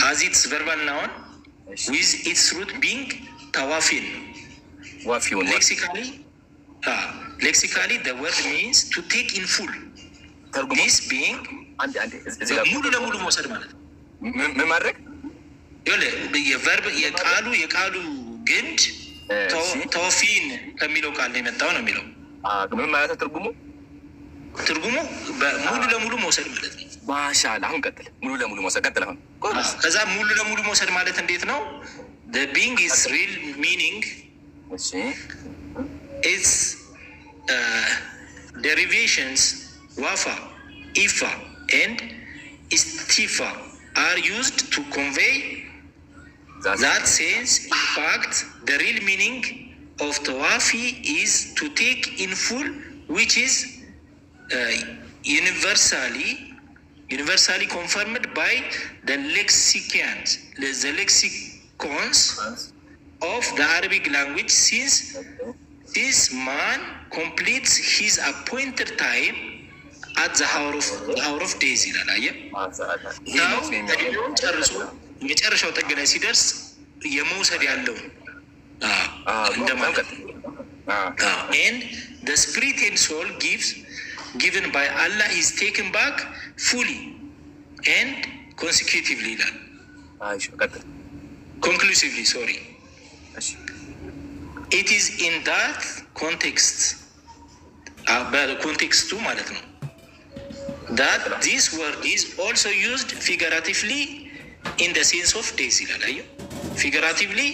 ታዚትስ ቨርባል ናውን ዊዝ ኢትስ ሩት ቢንግ ታዋፊን ሌክሲካሊ ሌክሲካሊ ደ ወርድ ሚንስ ቱ ቴክ ኢን ፉል ስ ቢንግ ሙሉ ለሙሉ መውሰድ ማለት ነው። ምን ማድረግ የቨርብ የቃሉ የቃሉ ግንድ ተወፊን ከሚለው ቃል ነው የመጣው ነው የሚለው ምን ማለት ነው ትርጉሙ? ትርጉሙ ሙሉ ለሙሉ መውሰድ ማለት ነው። ማሻላ አሁን ቀጥል። ሙሉ ለሙሉ መውሰድ ቀጥል። አሁን ከዛ ሙሉ ለሙሉ መውሰድ ማለት እንዴት ነው? the being is real meaning its uh, derivations wafa ifa and istifa are used to convey that, that sense in fact the real meaning of tawafi is to take in full which is uh, universally ዩኒቨርሳሊ ኮንፈርምድ ባይ ሌክሲካንስ ሌክሲኮንስ ኦፍ አረቢክ ላንጉጅ ሲንስ ማን ኮምፕሊትስ ሂዝ አፖይንትድ ታይም አት ሀወር ኦፍ ዴይዝ ይላል። አየህ ጨርሶ የመጨረሻው ጥግ ላይ ሲደርስ የመውሰድ ያለው እንደማለት ኤንድ ስፒሪት ኤንድ ሶል ጊቭስ given by Allah is taken back fully and consecutively. Conclusively, sorry. It is in that context, uh, context too, that this word is also used figuratively in the sense of days Figuratively,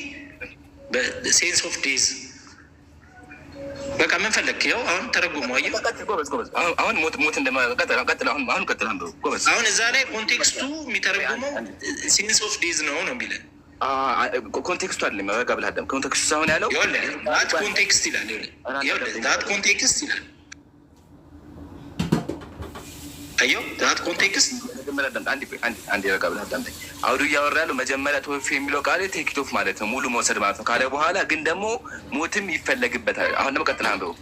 the sense of ኦፍ በቃ ምን ፈለግ ው አሁን ተረጉሞ አሁን ሞት ሞት እንደማቀጥል አሁን አሁን አሁን እዛ ላይ ኮንቴክስቱ የሚተረጉመው ሲንስ ኦፍ ዴዝ ነው ነው የሚለን ኮንቴክስቱ አለ መረጋ ብለህ አዳም ኮንቴክስቱ አሁን ያለው ት ኮንቴክስት ይላል ት ኮንቴክስት ይላል አየው ት ኮንቴክስት መጀመሪያ አንድ ረጋ ብለህ አዳምጠኝ። አውዱ እያወራ ያለው መጀመሪያ ቶፊ የሚለው ቃል ቴክቶፍ ማለት ነው ሙሉ መውሰድ ማለት ነው ካለ በኋላ ግን ደግሞ ሞትም ይፈለግበታል። አሁን ደግሞ ቀጥላ አንብበው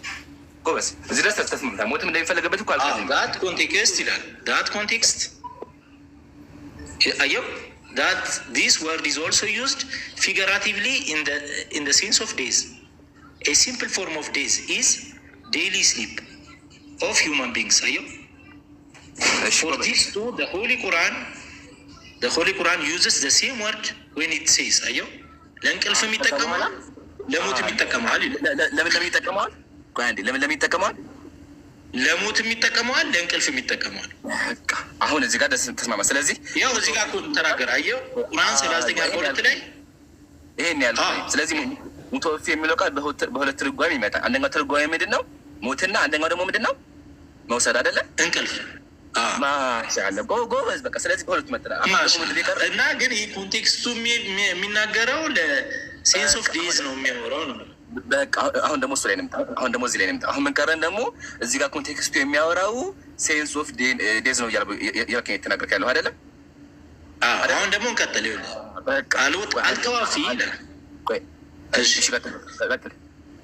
ጎበስ። እዚህ ድረስ ተስተስምታ ሞትም እንደሚፈለግበት እኮ ዳት ኮንቴክስት ይላል። ዳት ኮንቴክስት አየው ዳት ዲስ ወርድ ኢዝ ኦልሶ ዩዝድ ፊገራቲቭሊ ኢን ደ ሴንስ ኦፍ ዴዝ ኤ ሲምፕል ፎርም ኦፍ ዴዝ ኢዝ ዴይሊ ስሊፕ ኦፍ ሂውማን ቢንግስ አየው ፎርቲስቱ ሆሊ ቁርአን ዩዝስ ሴም ወርድ ወይን ኢት ሴይስ አየው። ለእንቅልፍም ይጠቀመዋል፣ ለሞትም ይጠቀመዋል። ለምን ይጠቀመዋል? ለምን ለምን ይጠቀመዋል? ለሞትም ይጠቀመዋል፣ ለእንቅልፍም ይጠቀመዋል። አሁን እዚህ ጋር ተስማማ። ስለዚህ ያው እዚህ ጋር ተናገር። አየው ቁርአን ሰላሳ ሁለት ላይ ይሄን ያለ ስለዚህ ሙተወፊ የሚለው ቃል በሁለት ትርጓሜ ይመጣል። አንደኛው ትርጓሜ ምንድን ነው? ሞትና አንደኛው ደግሞ ምንድን ነው? መውሰድ አይደለም እንቅልፍ ጎበዝ እና ግን ይህ ኮንቴክስቱ የሚናገረው ለሴንስ ኦፍ ዴዝ ነው የሚያወራው ነው። አሁን ደግሞ እሱ ላይ እንምጣ። አሁን ደግሞ እዚህ ላይ እንምጣ። አሁን ምንቀረን ደግሞ እዚህ ጋር ኮንቴክስቱ የሚያወራው ሴንስ ኦፍ ዴዝ ነው እያልከኝ የተናገርከው ያለው አይደለም። አሁን ደግሞ እንቀጥል። አልተዋፊ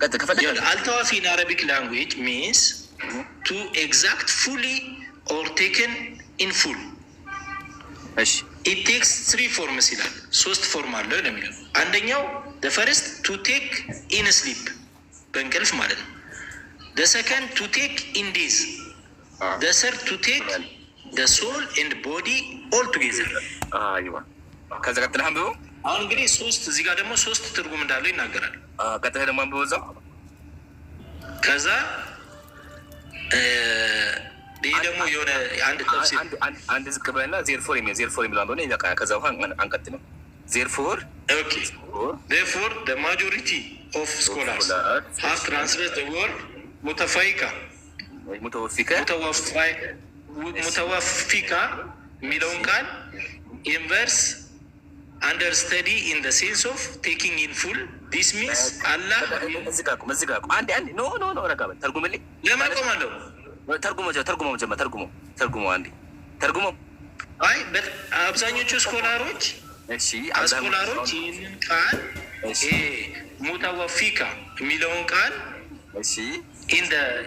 አልተዋፊ ኢን አረቢክ ላንጉዌጅ ሚንስ ቱ ኤግዛክት ፉሊ ኦር ቴክን ኢን ፉል ቴክስ ትሪ ፎርምስ ይላል። ሶስት ፎርም አለው ለሚለው አንደኛው ፈርስት ቱ ቴክ ኢን ስሊፕ በእንቅልፍ ማለት ነው። ሰከንድ ቱ ቴክ ኢን ዴዝ፣ ሰርድ ቱ ቴክ ሶል ኤንድ ቦዲ ኦል ቱጌዘር። ከዛ ቀጥለ አንብበው። አሁን እንግዲህ ሶስት እዚህ ጋር ደግሞ ሶስት ትርጉም እንዳለው ይናገራል። ah, ቀጥለ ደግሞ አንብበው እዛው ከዛ ይህ ደግሞ የሆነ አንድ ዝቅ ብለና ዜር ፎር የሚል ዜር ፎር የሚለው እንደሆነ ይበቃ። ከዛ በኋላ አንቀጥልም። ዜር ፎር ዜርፎር ደ ማጆሪቲ ኦፍ ስኮላርስ ሃቭ ትራንስሌት ወርድ ሙተፋይካ ሙተዋፊካ የሚለውን ቃል ኢንቨርስ አንደርስተዲ ኢን ደ ሴንስ ኦፍ ቴኪንግ ኢን ፉል ዲስ ሚንስ አላ እዚህ ጋር ቁም፣ እዚህ ጋር ቁም። አንዴ አንዴ ኖ ኖ ኖ ረጋበል ተርጉምልኝ ለማቆም አለው ተርጉሞ ተርጉሞ መጀመር ተርጉሞ ተርጉሞ አንዴ ተርጉሞ። አይ አብዛኞቹ ስኮላሮች እሺ፣ ስኮላሮች ይህንን ቃል ሙተወፊካ የሚለውን ቃል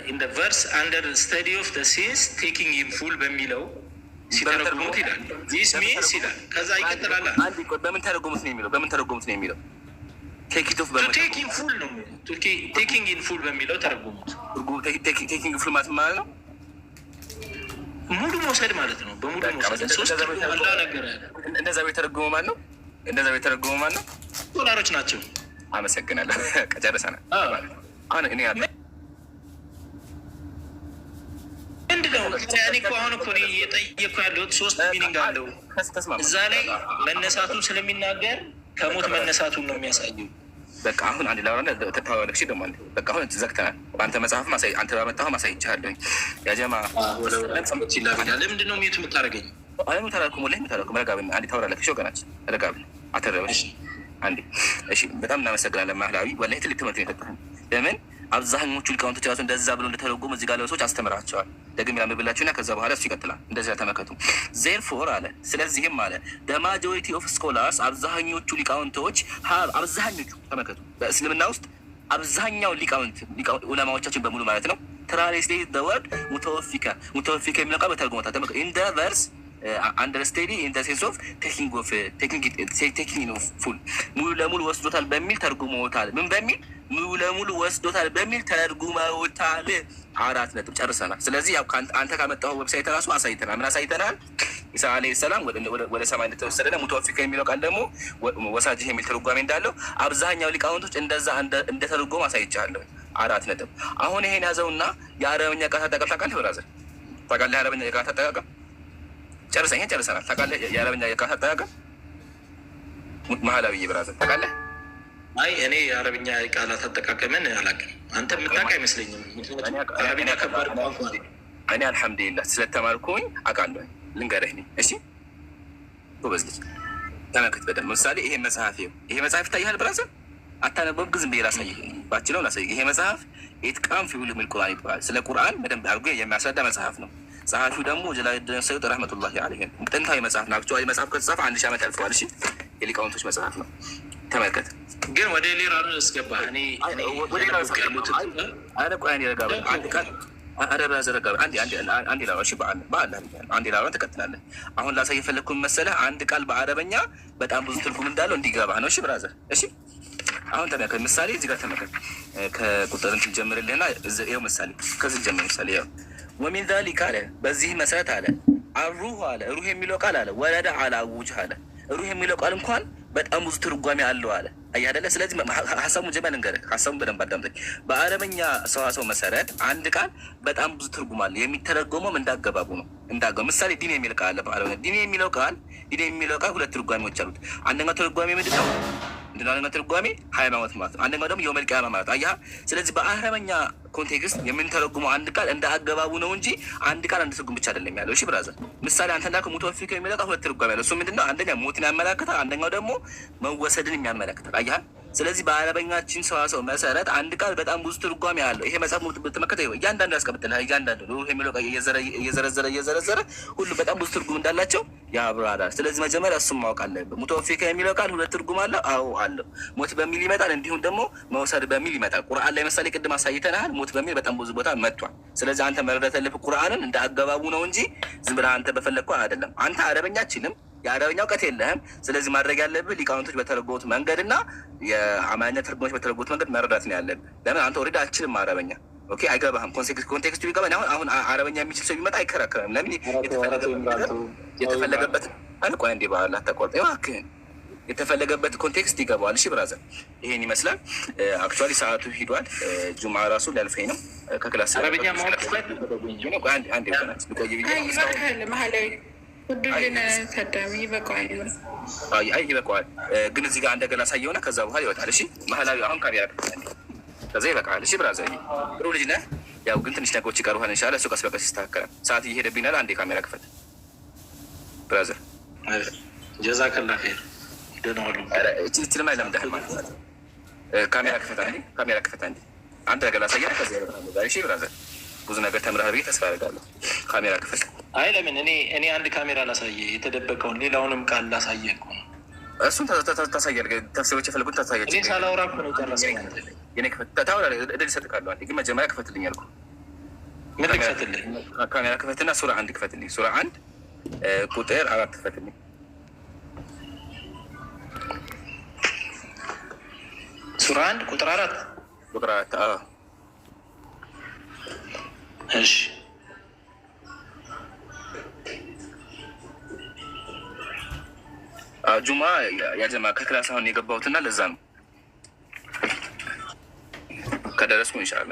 ኢን ቨርስ አንደር ስተዲ ኦፍ ሲንስ ቴኪንግ ኢን ፉል በሚለው ሲተረጉሙት ይላል። ዚስ ሚንስ ይላል። ከዛ ይቀጥላል። በምን ተረጉሙት ነው የሚለው? በምን ተረጉሙት ነው የሚለው? ቴኪንግ ኢን ፉል በሚለው ተረጉሙት። ቴኪንግ ፉል ማለት ማለት ነው ሙሉ መውሰድ ማለት ነው። በሙሉ መውሰድ እንደዛ የተረጉሙ ማለት ነው። እንደዛ የተረጉሙ ማለት ነው። ዶላሮች ናቸው። አመሰግናለሁ። ጨርሰናል። አሁን እኔ ያለ ምንድነው እኮ አሁን እኮ እየጠየኩ ያለሁት ሶስት ሚኒንግ አለው እዛ ላይ መነሳቱ ስለሚናገር ከሞት መነሳቱን ነው የሚያሳየው። በቃ አሁን አንድ ላውራና ተታዋለክሽ ደሞ በቃ አሁን ዘግተናል። በአንተ መጽሐፍ አንተ ባመጣሁ ማሳይቻለሁ። ያጀማ ለምንድን ነው የት የምታደርገኝ? ተራኩም ላይ ተራኩም ረጋብን አንዴ ታወራለክሽ ወገናችን ረጋብን አተረበሽ አንዴ እሺ። በጣም እናመሰግናለን ማህላዊ ወላሂ ትልቅ ትምህርት ነው የሰጠህን። ለምን አብዛኞቹ ሊቃውንቶች ራሱ እንደዛ ብሎ እንደተረጎሙ እዚህ ጋር ለሰዎች አስተምራቸዋል። ደግሜ ያንብብላችሁና ከዛ በኋላ እሱ ይቀጥላል። እንደዚያ ተመከቱ። ዜርፎር አለ ስለዚህም አለ ማጆሪቲ ኦፍ ስኮላርስ አብዛኞቹ ሊቃውንቶች አብዛኞቹ ተመከቱ በእስልምና ውስጥ አብዛኛው ሊቃውንት ዑለማዎቻችን በሙሉ ማለት ነው። ትራንስሌት ዘ ወርድ ሙተወፊከ ሙተወፊከ የሚለው ቃል በተርጎመታ ተመከቱ ኢን ዘ ቨርስ አንደርስቴዲ ኢን ዘ ሴንስ ኦፍ ቴኪንግ ኦፍ ቴኪንግ ኦፍ ፉል ሙሉ ለሙሉ ወስዶታል በሚል ተርጉመውታል። ምን በሚል ሙሉ ለሙሉ ወስዶታል በሚል ተርጉመውታል። አራት ነጥብ ጨርሰናል። ስለዚህ ያው አንተ ካመጣው ዌብሳይት ራሱ አሳይተናል። ምን አሳይተናል? ኢሳ አለ ሰላም ወደ ሰማይ እንደተወሰደ ሙተወፊቅ የሚለው ቃል ደግሞ ወሳጅህ የሚል ትርጓሜ እንዳለው አብዛኛው ሊቃውንቶች እንደዛ እንደተርጎም አሳይቻለሁ። አራት ነጥብ። አሁን ይሄን ያዘውና የአረበኛ ቃላት አጠቃቀም ታውቃለህ? ታውቃለህ የአረበኛ ቃላት አጠቃቀም ጨርሰኛ ጨርሰናል። ታውቃለህ የአረብኛ የቃላት አጠቃቀም መሀላዊ ብራዘር ታውቃለህ? አይ እኔ የአረብኛ የቃላት አጠቃቀምን አላውቅም። አንተ የምታውቅ አይመስለኝም። አረብኛ ከባድ ቋንቋ እኔ አልሐምዱሊላህ ስለተማርኩኝ አውቃለሁ። ልንገርህ እኔ እሺ፣ ጎበዝ ልጅ ተመልከት በደንብ ምሳሌ ይሄ መጽሐፍ ይሄ መጽሐፍ ይታይሃል ብራዘር አታነበብ ዝም ብዬ ላሳይህ ባችለው ላሳይ። ይሄ መጽሐፍ ኢትቃን ፊውል ሚል ቁርአን ይባላል ስለ ቁርአን በደንብ አድርጎ የሚያስረዳ መጽሐፍ ነው ጸሐፊው ደግሞ ጀላሉዲን ሰዩጥ ረህመቱላሂ አለይህ ጥንታዊ መጽሐፍ ነው። አክቹዋሊ መጽሐፍ ከተጻፈ አንድ ሺህ ዓመት ያልፈዋል። እሺ የሊቃውንቶች መጽሐፍ ነው። ተመልከት ግን ወደ ሌላ ነው ያስገባ አንድ ላራ ትቀጥላለህ። አሁን ላሳይ የፈለግኩ መሰለህ አንድ ቃል በአረበኛ በጣም ብዙ ትርጉም እንዳለው እንዲገባ ነው። እሺ ብራዘር፣ እሺ አሁን ተመልከት ምሳሌ እዚህ ጋር ተመልከት። ከቁጥር እንትን ጀምርልህና ይኸው ምሳሌ ከዚህ ጀምር ምሳሌ ወሚን ዛሊክ አለ በዚህ መሰረት አለ አሩህ አለ ሩህ የሚለው ቃል አለ ወረዳ አላ ውጅ አለ ሩህ የሚለው ቃል እንኳን በጣም ብዙ ትርጓሜ አለው አለ አያደለ ስለዚህ ሀሳቡ ጀመል ልንገርህ ሀሳቡ በደንብ አዳምጠኝ በአረበኛ ሰዋሰው መሰረት አንድ ቃል በጣም ብዙ ትርጉም አለ የሚተረጎመም እንዳገባቡ ነው እንዳገ ምሳሌ ዲን የሚል ቃል አለ ዲን የሚለው ቃል ዲን የሚለው ቃል ሁለት ትርጓሜዎች አሉት አንደኛው ትርጓሜ ምንድን ነው አንደኛው ትርጓሜ ሃይማኖት ማለት ነው። አንደኛው ደግሞ የውመል ቂያማ ማለት አያ። ስለዚህ በአረበኛ ኮንቴክስት የምንተረጉመው አንድ ቃል እንደ አገባቡ ነው እንጂ አንድ ቃል አንድ ትርጉም ብቻ አይደለም ያለው። እሺ ብራዘር፣ ምሳሌ አንተ እንዳልከው ሙተወፊቅ የሚለው ቃል ሁለት ትርጓሜ ያለው እሱ ምንድነው? አንደኛ ሞትን ያመላክታል፣ አንደኛው ደግሞ መወሰድን የሚያመለክታል። አያ ስለዚህ በአረበኛችን ሰዋሰው መሰረት አንድ ቃል በጣም ብዙ ትርጓሜ አለው። ይሄ መጽሐፍ ብትመከተው ይኸው እያንዳንዱ ያስቀምጥልሃል። እያንዳንዱ የሚለው እየዘረዘረ እየዘረዘረ ሁሉ በጣም ብዙ ትርጉም እንዳላቸው ያብራራል። ስለዚህ መጀመሪያ እሱም ማወቅ አለብህ። ሙተወፊከ የሚለው ቃል ሁለት ትርጉም አለው። አዎ አለው። ሞት በሚል ይመጣል፣ እንዲሁም ደግሞ መውሰድ በሚል ይመጣል። ቁርአን ላይ ምሳሌ ቅድም አሳይተናል። ሞት በሚል በጣም ብዙ ቦታ መጥቷል። ስለዚህ አንተ መረዳት ያለብህ ቁርአንን እንደ አገባቡ ነው እንጂ ዝም ብለህ አንተ በፈለግከው አይደለም። አንተ አረበኛችንም የአረብኛ እውቀት የለህም። ስለዚህ ማድረግ ያለብህ ሊቃውንቶች በተረጎት መንገድ እና የአማርኛ ትርጉሞች በተረጎት መንገድ መረዳት ነው ያለብህ። ለምን አንተ ወሬዳ አልችልም አረበኛ ኦኬ፣ አይገባህም። ኮንቴክስቱ ቢገባ አሁን አሁን አረበኛ የሚችል ሰው ቢመጣ አይከራከርም። ለምን የተፈለገበት አልቋ እንዲ ባህል አታቋርጥ እባክህን የተፈለገበት ኮንቴክስት ይገባዋል። እሺ ብራዘር፣ ይሄን ይመስላል። አክቹዋሊ ሰዓቱ ሂዷል። ጁማ ራሱ ሊያልፈኝ ነው። ከክላስ አረበኛ ማለት ታዳሚ ይበቃዋል። ግን እዚህ ጋር እንደገና ከዛ በኋላ ይወጣል። እሺ ባህላዊ አሁን ካሜራ ከዛ ይበቃል። እሺ ብራዘ ጥሩ ልጅ ነህ። ያው ግን ትንሽ ነገሮች ይቀሩሃል። እንሻላ እሱ ቀስ በቀስ ይስተካከላል። ሰዓት አንዴ ካሜራ ክፈት ካሜራ ክፈት አንዴ። አንድ ነገር ላሳያ ብዙ ነገር ተምረሃል ብዬ ተስፋ አደርጋለሁ። ካሜራ ክፈት አይ ለምን እኔ እኔ አንድ ካሜራ ላሳየ የተደበቀውን ሌላውንም ቃል ላሳየ እኮ እሱን ታሳያል። ተፍሲሮች የፈለጉት ታሳያል። እኔ ሳላወራ እኮ ነው ግን መጀመሪያ ክፈትልኝ አልኩ። ምን ልክፈትልኝ? ካሜራ ክፈትና ሱራ አንድ ክፈትልኝ። ሱራ አንድ ቁጥር አራት ክፈትልኝ። ሱራ አንድ ቁጥር አራት ቁጥር አራት እሺ ጁማ ያጀማ ከክላስ አሁን የገባሁትና ለዛ ነው። ከደረስኩ እንሻላ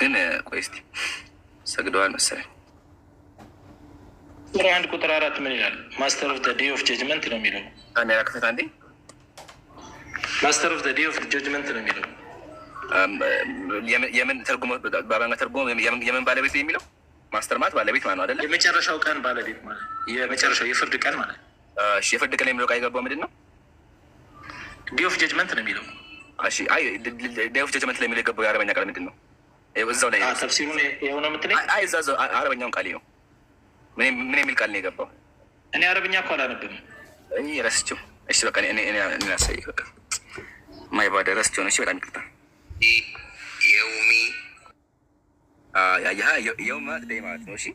ግን ቆይ እስኪ ሰግደዋል መሰለኝ። ቁጥር አንድ ቁጥር አራት ምን ይላል? ማስተር ኦፍ ዴይ ኦፍ ጀጅመንት ነው የሚለው ሜራ ክፍት አንዴ ማስተር ኦፍ ዴይ ኦፍ ጀጅመንት ነው የሚለው የምን ተርጉሞ በአማርኛ ተርጉሞ የምን ባለቤት የሚለው ማስተር ማለት ባለቤት ማለት ነው አይደለም? የመጨረሻው ቀን ባለቤት ማለት የመጨረሻው የፍርድ ቀን ማለት ነው። እሺ የፍርድ ቅል የሚለው ቃል የገባው ምንድን ነው? ዴይ ኦፍ ጀጅመንት ነው የሚለው። እሺ አይ ዴይ ኦፍ ጀጅመንት ላይ የሚለው የገባው የአረበኛ ቃል ምንድን ነው? እዛው ላይ ተፍሲሩን የሆነ የምትለኝ? አይ እዛ እዛው አረበኛውን ቃል ነው። ምን የሚል ቃል ነው የገባው? እኔ አረበኛ እኮ አላነብም ረስቼው። እሺ በቃ ናሳይ በቃ ማይባደ ረስቼው ነው። እሺ በጣም ይቅርታ። የውሚ የውማ ዴይ ማለት ነው። እሺ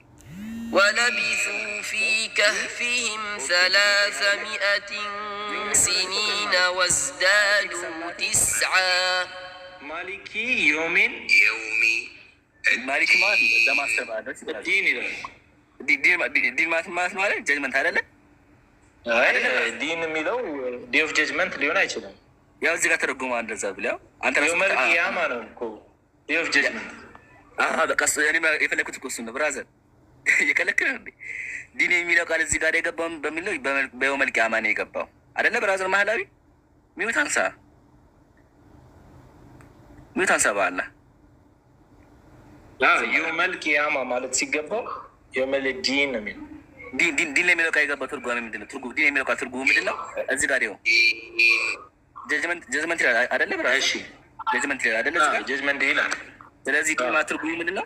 ولبثوا في كهفهم ثلاثمائة سنين وازدادوا تسعا ማሊኪ ዮሚን ማሊክ ማለት ለማስተባበስ ዲን ይላል። ዲን ማለት ማለት ነው ጀጅመንት ዲን የሚለው ዴይ ኦፍ ጀጅመንት ሊሆን አይችልም። ያው እዚህ ጋር ተደጉማ እንደዛ ብለው አንተ ራስህ ያማ ነው እኮ ዴይ ኦፍ ጀጅመንት። በቃ የፈለግኩት እኮ እሱን ነው ብራዘር የከለከለ ዲን የሚለው ቃል እዚህ ጋር የገባው በሚል ነው። በየውመል ቂያማ ነው የገባው አደለ ብራዘር ማህላዊ ሚዩት አንሳ፣ ሚዩት አንሳ። በአላ የውመል ቂያማ ማለት ሲገባው የውመል ዲን ነው የሚለው ዲን ዲን የሚለው ቃል የገባው ትርጓሜ ምንድን ነው? ዲን የሚለው ቃል ትርጉሙ ምንድን ነው? እዚህ ጋር ይኸው ጀጅመንት ይላል አይደለ? ብራዘር ጀጅመንት ይላል አይደለ? ስለዚህ ዲን ማለት ትርጉሙ ምንድን ነው?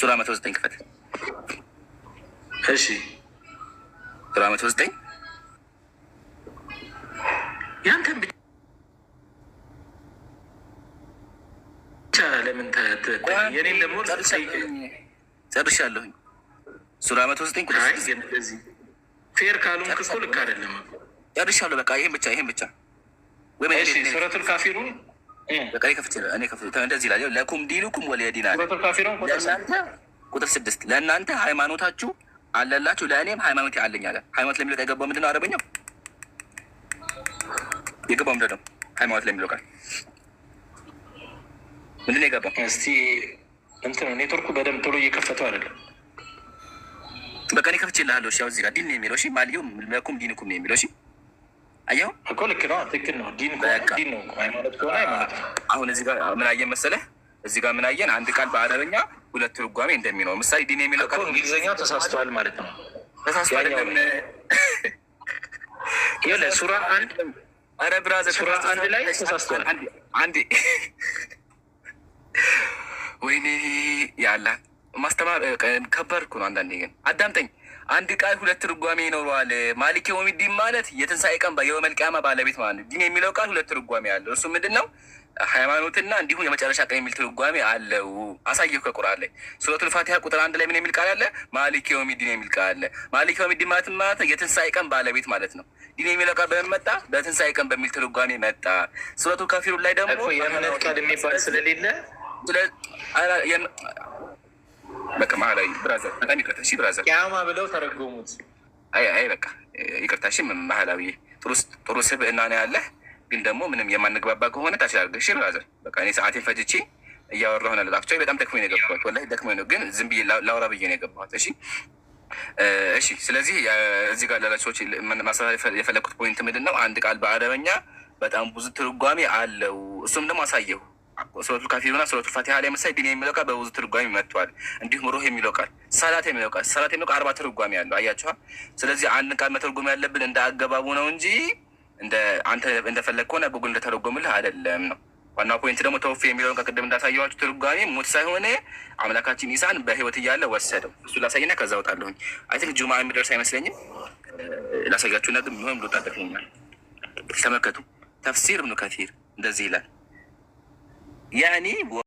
ሱራ መቶ ዘጠኝ ክፈት። እሺ ሱራ መቶ ዘጠኝ ያንተን ብቻ ለምን የኔን ደግሞ ጨርሻለሁኝ። ሱራ መቶ ዘጠኝ ቁጥር ፌር ካልሆንክ እኮ ልክ አይደለም። ጨርሻለሁ። በቃ ይሄን ብቻ ይሄን ብቻ ሱረቱል ካፊሩን እኔ እንደዚህ ይላል ለኩም ዲኑኩም ወሊየ ቁጥር ስድስት ለእናንተ ሃይማኖታችሁ አለላችሁ ለእኔም ሃይማኖት አለኝ አለ። ሃይማኖት ለሚለው ቃል የገባው ምንድነው? አረበኛው የገባው ምንድነው? ሃይማኖት ለሚለው ቃል ምንድነው የገባው? እስቲ እንትን ኔትወርኩ በደንብ ቶሎ እየከፈተው አይደለም። በቃ እኔ ከፍቼልሃለሁ። እሺ ያው እዚህ ጋር ዲን ነው የሚለው እሺ፣ ማልየው ለኩም ዲንኩም ነው የሚለው እሺ አየው እኮ ልክ ነው፣ ትክክል ነው። ዲን ነው፣ ሃይማኖት ከሆነ ሃይማኖት ነው። አሁን እዚህ ጋር ምን አየን መሰለህ? እዚህ ጋር ምን አየን? አንድ ቃል በአረበኛ ሁለት ትርጓሜ እንደሚኖር ምሳሌ ዲን የሚለው ቃል እንግሊዝኛው ተሳስተዋል ማለት ነው። ተሳስተዋል ሱራ አንድ አረ ሱራ አንድ ላይ ተሳስተዋል። አንዴ ወይኔ ያላ ማስተማር ከበርኩ ነው። አንዳንዴ ግን አዳምጠኝ። አንድ ቃል ሁለት ትርጓሜ ይኖረዋል። ማሊክ የውሚዲን ማለት የትንሳኤ ቀን የወመል ባለቤት ማለት ነው። ዲን የሚለው ቃል ሁለት ትርጓሜ አለ። እሱ ምንድን ነው? ሃይማኖትና እንዲሁም የመጨረሻ ቀን የሚል ትርጓሜ አለው። አሳየሁ ከቁርአን ላይ ሱረቱል ፋቲሃ ቁጥር አንድ ላይ ምን የሚል ቃል አለ? ማሊክ የውሚዲን የሚል ቃል አለ። ማሊክ የውሚዲን ማለት ማለት የትንሳኤ ቀን ባለቤት ማለት ነው። ዲን የሚለው ቃል በምን መጣ? በትንሣኤ ቀን በሚል ትርጓሜ መጣ። ሱረቱ ካፊሩን ላይ ደግሞ የእምነት ቃል የሚባል ስለሌለ በቃ ላይ ብራዘር፣ በጣም ይቅርታ እሺ ብራዘር፣ ቂያማ ብለው ተረጎሙት። አይ አይ በቃ ይቅርታ እሺ። ባህላዊ ጥሩ ስብዕና ነው ያለህ፣ ግን ደግሞ ምንም የማንግባባ ከሆነ እሺ ብራዘር። በቃ እኔ ሰዓቴን ፈጅቼ እያወራሁ ነው በጣም ደክሞኝ ነው የገባሁት፣ ወላሂ ደክሞኝ ነው፣ ግን ዝም ብዬ ላውራ ብዬ ነው የገባሁት። እሺ እሺ። ስለዚህ እዚህ ጋር ሰዎች ማስተላለፍ የፈለግኩት ፖይንት ምንድን ነው? አንድ ቃል በአረበኛ በጣም ብዙ ትርጓሜ አለው። እሱም ደግሞ አሳየሁ ሱረቱል ካፊሩና ሱረቱል ፋቲሃ ላይ መሳይ ዲን የሚለው ቃል በብዙ ትርጓሜ መጥተዋል። እንዲሁም ሩህ የሚለው ቃል፣ ሰላት የሚለው ቃል ሰላት የሚለው አርባ ትርጓሚ ያለው አያችኋል። ስለዚህ አንድ ቃል መተርጎም ያለብን እንደ አገባቡ ነው እንጂ አንተ እንደፈለግ ከሆነ ጉግል እንደተረጎምልህ አይደለም ነው። ዋና ፖይንት ደግሞ ተወፍ የሚለውን ከቅድም እንዳሳየኋችሁ ትርጓሜ ሙት ሳይሆን አምላካችን ኢሳን በህይወት እያለ ወሰደው። እሱ ላሳይና ከዛ ወጣለሁኝ። አይ ቲንክ ጁማ የሚደርስ አይመስለኝም። ላሳያችሁ ግን ሆን ብሎ ተመልከቱ። ተፍሲር ብኑ ከፊር እንደዚህ ይላል يعني